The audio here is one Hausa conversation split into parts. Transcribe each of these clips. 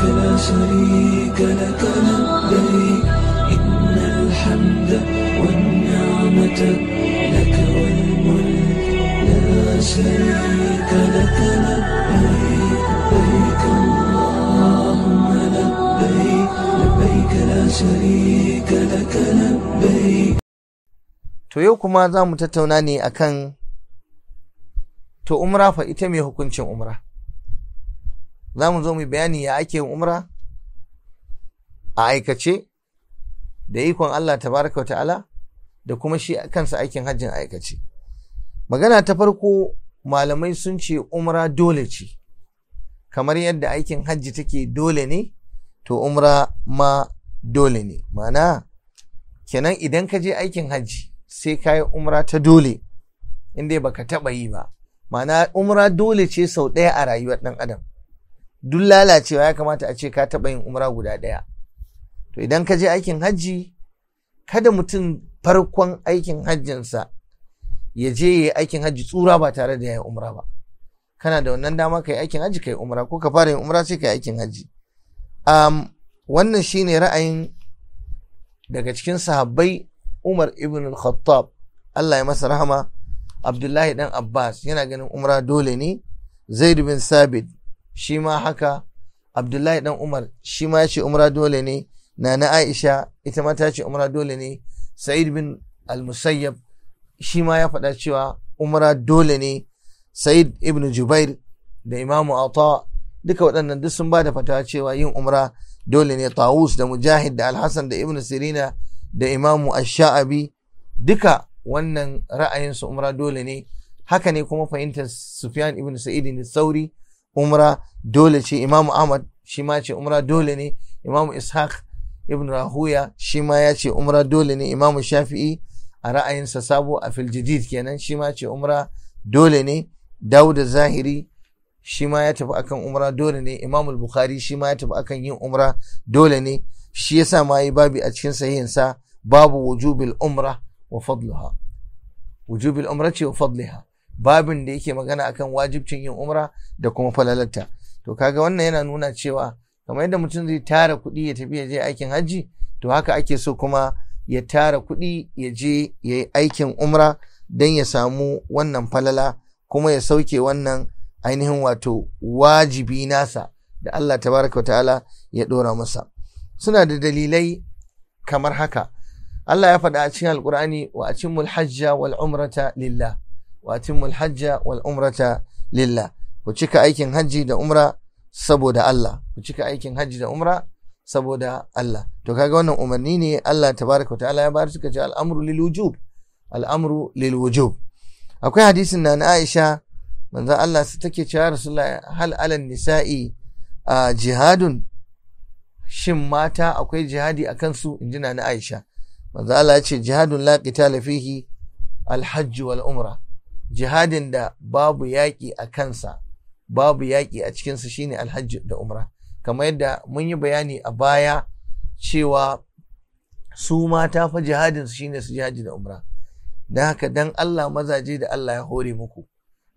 وحدك لا شريك لك لبيك إن الحمد والنعمة لك والملك لا شريك لك لبيك لبيك اللهم لبيك لبيك لا شريك لك لبيك To yau kuma za mu tattauna ne akan to umra fa ita mai hukuncin umra. za mu zo mu bayani ya ake yin umra a aikace da ikon Allah tabaraka ta'ala da kuma shi kansa aikin hajjin aikace magana ta farko malamai sun ce umra dole ce kamar yadda aikin hajji take dole ne to umra ma dole ne mana kenan idan ka je aikin hajji sai ka yi umra ta dole inda baka taɓa yi ba mana umra dole ce sau ɗaya a rayuwar ɗan adam duk lalacewa ya kamata a ce ka taɓa yin umra guda ɗaya to idan ka je aikin hajji kada mutum farkon aikin hajjinsa ya je ya yi aikin hajji tsura ba tare da ya yi umra ba kana da wannan dama ka yi aikin hajji ka yi umra ko ka fara yin umra sai ka yi aikin hajji um, wannan ne ra'ayin daga cikin sahabbai umar ibn al-khattab allah ya masa rahama abdullahi dan abbas yana ganin umra dole ne zaid bin sabit shi ma haka abdullahi dan umar shi ma ya ce umra dole ne nana aisha ita ma ta ce umra dole ne sa'id bin al-musayyab shi ma ya faɗa cewa umra dole ne sa'id ibn jubair da imamu ata duka waɗannan duk sun ba da fatawa cewa yin umra dole ne tawus da mujahid da alhassan da ibn sirina da imamu ash-sha'abi duka wannan ra'ayinsu umra dole ne haka ne kuma fahimtar sufyan ibn sa'id ne sauri umra dole ce imamu ahmad shi ma ce umra dole ne imamu ishaq ibn rahuya shi ma ya ce umra dole ne imamu shafi'i a ra'ayinsa sabo a filjidid kenan shi ma ce umra dole ne dawud zahiri shi ma ya tafi akan umra dole ne Imam'u bukhari shi ma ya tafi akan yin umra dole ne shi yasa ma yi babi a cikin sahihinsa babu wujubil umra wa fadliha wujubil umra ce wa fadliha babin da yake magana akan wajibcin yin umra da kuma falalarta to kaga wannan yana nuna cewa kamar yadda mutum zai tara kuɗi ya tafi ya je aikin hajji to haka ake so kuma ya tara kuɗi ya je ya yi aikin umra don ya samu wannan falala kuma ya sauke wannan ainihin wato wajibi nasa da Allah tabaraka ta'ala ya ɗora masa suna da dalilai kamar haka Allah ya faɗa a cikin alƙur'ani wa a cikin mulhajja wal umrata lillah wa atimmul hajja wal umrata lillah ku cika aikin hajji da umra saboda Allah ku cika aikin hajji da umra saboda Allah to kaga wannan umarni ne Allah tabaraka ta'ala ya bayar ka ce al'amru lil wujub al'amru lil wujub akwai hadisin na Aisha manzo Allah su take cewa Rasulullah hal alan nisa'i jihadun shin mata akwai jihadi a kansu inji na Aisha manzo Allah ce jihadun la qitala fihi al hajj jihadin da babu yaƙi a kansa babu yaƙi a cikinsa shine alhaji da umra kamar yadda mun yi bayani a baya cewa su mata fa jihadin su shine su jihadi da umra don haka dan Allah mazaje da Allah ya hore muku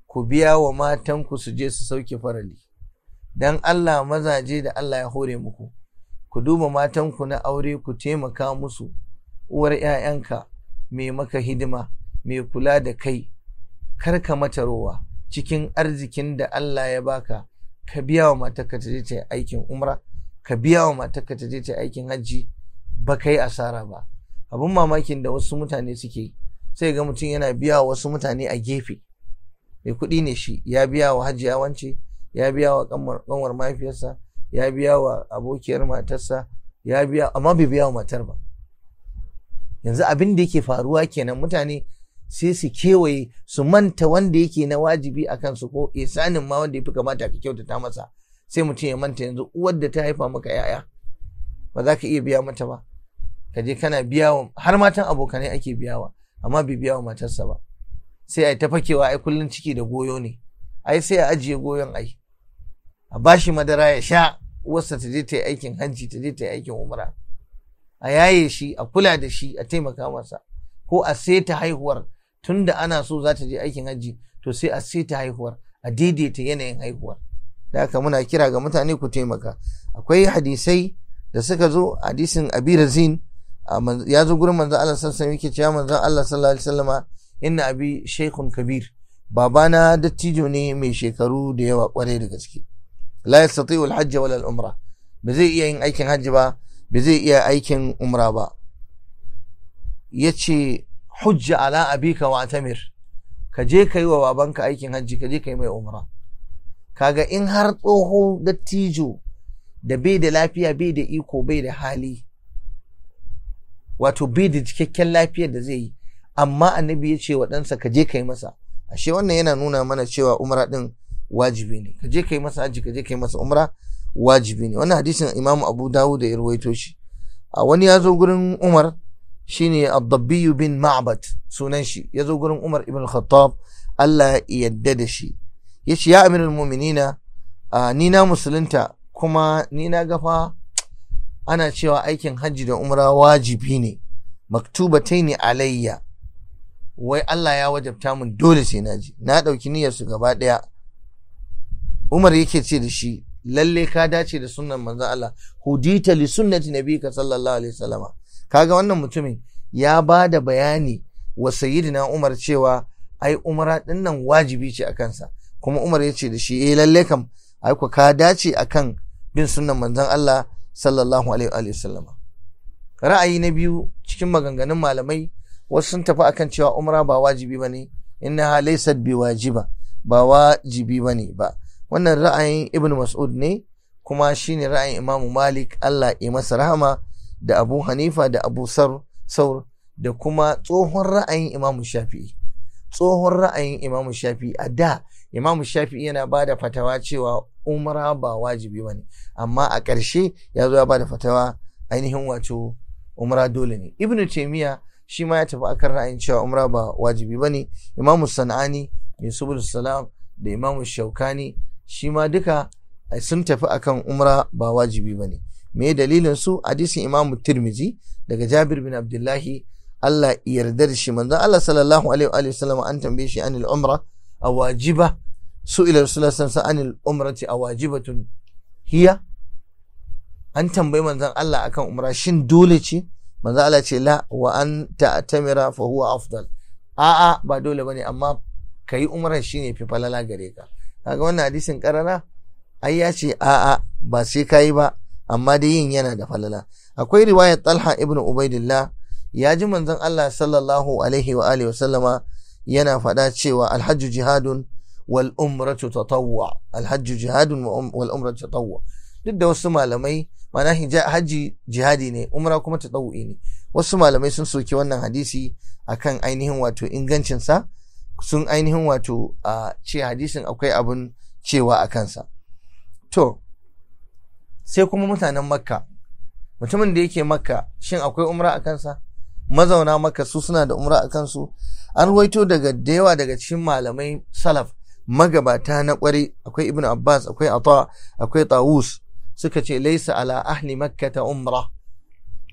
ku biya wa matanku su je su sauke farali dan Allah mazaje da Allah ya hore muku ku duba matanku na aure ku taimaka musu uwar 'ya'yanka mai maka hidima mai kula da kai kar ka mata rowa cikin arzikin da Allah ya baka ka biya wa matarka ta je ta aikin umra ka biya wa matarka ta je ta aikin hajji ba ka asara ba abin mamakin da wasu mutane suke sai ga mutum yana biya wa wasu mutane a gefe mai kuɗi ne shi ya biya wa hajiya wance ya biya wa kanwar mahaifiyarsa ya biya wa abokiyar matarsa ya biya amma bai biya wa matar ba yanzu abin da yake faruwa kenan mutane sai su kewaye su manta wanda yake na wajibi a kansu ko isanin ma wanda ya fi kamata ka kyautata masa sai mutum ya manta yanzu uwar da ta haifa maka yaya ba za ka iya biya mata ba ka je kana wa. har matan abokanai ake biyawa amma bai wa matarsa ba sai ai ta fakewa ai kullum ciki da goyo ne ai sai a ajiye goyon ai a bashi madara ya sha uwarsa ta je ta yi aikin hajji ta je ta yi aikin umra a yaye shi a kula da shi a taimaka masa ko a sai ta haihuwar Tun da ana so za ta je aikin hajji to sai a saita haihuwar a daidaita yanayin haihuwar da haka muna kira ga mutane ku taimaka akwai hadisai da suka zo hadisin Abirazin. razin ya zo gurin manzon Allah sallallahu alaihi wasallam yake manzon Allah sallallahu alaihi wasallama inna abi shaykhun kabir babana dattijo ne mai shekaru da yawa kwarai da gaske la yastati'u al-hajj wala al-umra ba zai iya yin aikin hajji ba ba zai iya aikin umra ba yace hujja ala abika wa tamir ka je ka yi wa babanka aikin hajji ka je ka yi mai umra kaga in har tsoho dattijo da bai da lafiya bai da iko bai da hali wato bai da cikakken lafiyar da zai yi amma annabi ya ce wa ɗansa ka je ka yi masa ashe wannan yana nuna mana cewa umra ɗin wajibi ne ka je ka yi masa hajji ka je ka yi masa umra wajibi ne wannan hadisin imam abu dawud da ya ruwaito shi a wani ya zo gurin umar shine Abdabbiyu bin Ma'bad sunan shi ya zo gurin Umar ibn Khattab Allah ya yadda da shi ya ce ya aminul mu'minina ni na musulunta kuma ni na gafa ana cewa aikin hajji da umra wajibi ne maktubatai ne alayya wai Allah ya wajabta mun dole sai naji na ɗauki niyyar su gaba ɗaya Umar yake ce da shi lalle ka dace da sunnan manzon Allah hudita li sunnati nabika sallallahu alaihi wasallama kaga wannan mutumin ya ba da bayani wa sayyidina Umar cewa ai umra din wajibi ce a kansa kuma Umar ya ce da shi eh lalle kam ai ku ka dace akan bin sunnan manzon Allah sallallahu alaihi wa sallama ra'ayi na biyu cikin maganganun malamai wasu sun tafi akan cewa umra ba wajibi bane innaha laysat wajiba ba wajibi bane ba wannan ra'ayin ibnu Mas'ud ne kuma shine ra'ayin imamu Malik Allah ya masa rahama da abu hanifa da abu saur da kuma tsohon ra'ayin imamu shafi'i tsohon ra'ayin imamu shafi'i a da imamu shafi'i yana ba da fatawa cewa umra ba wajibi ba ne amma a ƙarshe ya zo ya ba da fatawa ainihin wato umra dole ne ibnu taimiya shi ma ya tafi akan ra'ayin cewa umra ba wajibi ba ne imamu sana'ani mai subul salam da imamu shaukani shi ma duka sun tafi akan umra ba wajibi ba ne me dalilin su hadisin imam tirmizi daga jabir bin abdullahi Allah yardar shi manzo Allah sallallahu alaihi wa sallam an tambaye shi anil umra a wajiba su ila rasulullahi sallallahu anil umrati a wajibatun hiya an tambayi manzon Allah akan umra shin dole ce manzo Allah ce la wa an ta'tamira fa huwa afdal a'a ba dole bane amma kai umra shine fi falala gare ka kaga wannan hadisin karara ai ya ce a'a ba sai kai ba amma dai yin yana da falala akwai riwayar talha ibn ubaidillah ya ji manzon Allah sallallahu alaihi wa alihi wa sallama yana faɗa cewa alhajju jihadun wal umratu tatawwa alhajju jihadun um-, wal umratu tatawwa duk da wasu malamai mana hajji jihadi ne umra kuma tatawwi ne wasu malamai sun soki wannan hadisi akan ainihin wato ingancinsa sun ainihin wato a ce hadisin akwai abun cewa a kansa to sai kuma mutanen makka mutumin da yake makka shin akwai umra a kansa mazauna makka su suna da umra a kansu an ruwaito daga dewa daga cikin malamai salaf magabata na kwarai akwai Ibn abbas akwai ata akwai tawus suka ce laisa ala ahli makka ta umra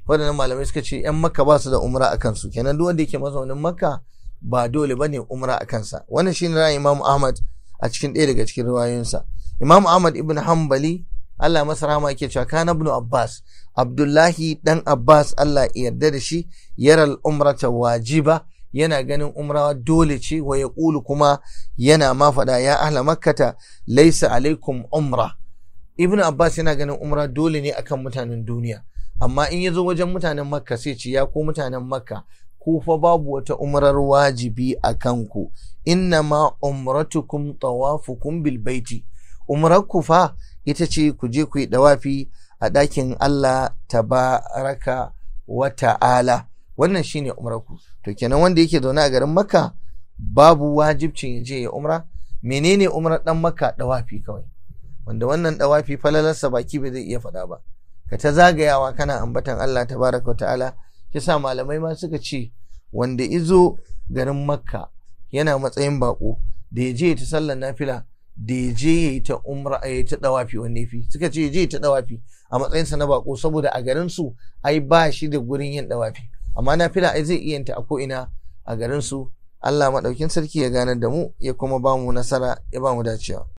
waɗannan malamai suka ce yan makka ba su da umra a kansu kenan duk wanda yake mazaunin makka ba dole bane umra a kansa wannan shine ra'ayin imam ahmad a cikin ɗaya daga cikin riwayoyinsa imam ahmad ibn hanbali Allah masa rahama yake cewa kana ibn Abbas Abdullahi dan Abbas Allah ya yarda da shi yaral umrata wajiba yana ganin umra dole ce wa ya ƙulu kuma yana ma faɗa ya ahla makkata laisa alaikum umra ibn abbas yana ganin umra dole ne akan mutanen duniya amma in ya zo wajen mutanen makka sai ce ya ko mutanen makka ku fa babu wata umrar wajibi a ku. inna ma umratukum tawafukum bil baiti umrar ku fa ita ce ku je ku yi dawafi a ɗakin Allah tabaraka wa ta'ala wannan shine umarku. to kenan wanda yake zaune a garin Makka babu wajibcin ya je ya umra menene umrar dan Makka dawafi kawai wanda wannan dawafi falalarsa baki bai zai iya faɗa ba ka ta zagayawa kana ambatan Allah tabaraka wa ta'ala kisa malamai ma suka ce wanda izo garin Makka yana matsayin bako da ya je ta sallar nafila da ya je ya yi ta umra ya ta dawafi wanne fi suka ce ya je ta dawafi a matsayinsa na bako saboda a garin su ai ba shi da gurin yin dawafi amma na fila ai zai iya ta a ko ina a garin su Allah maɗaukin sarki ya ganar da mu ya kuma ba mu nasara ya ba mu dacewa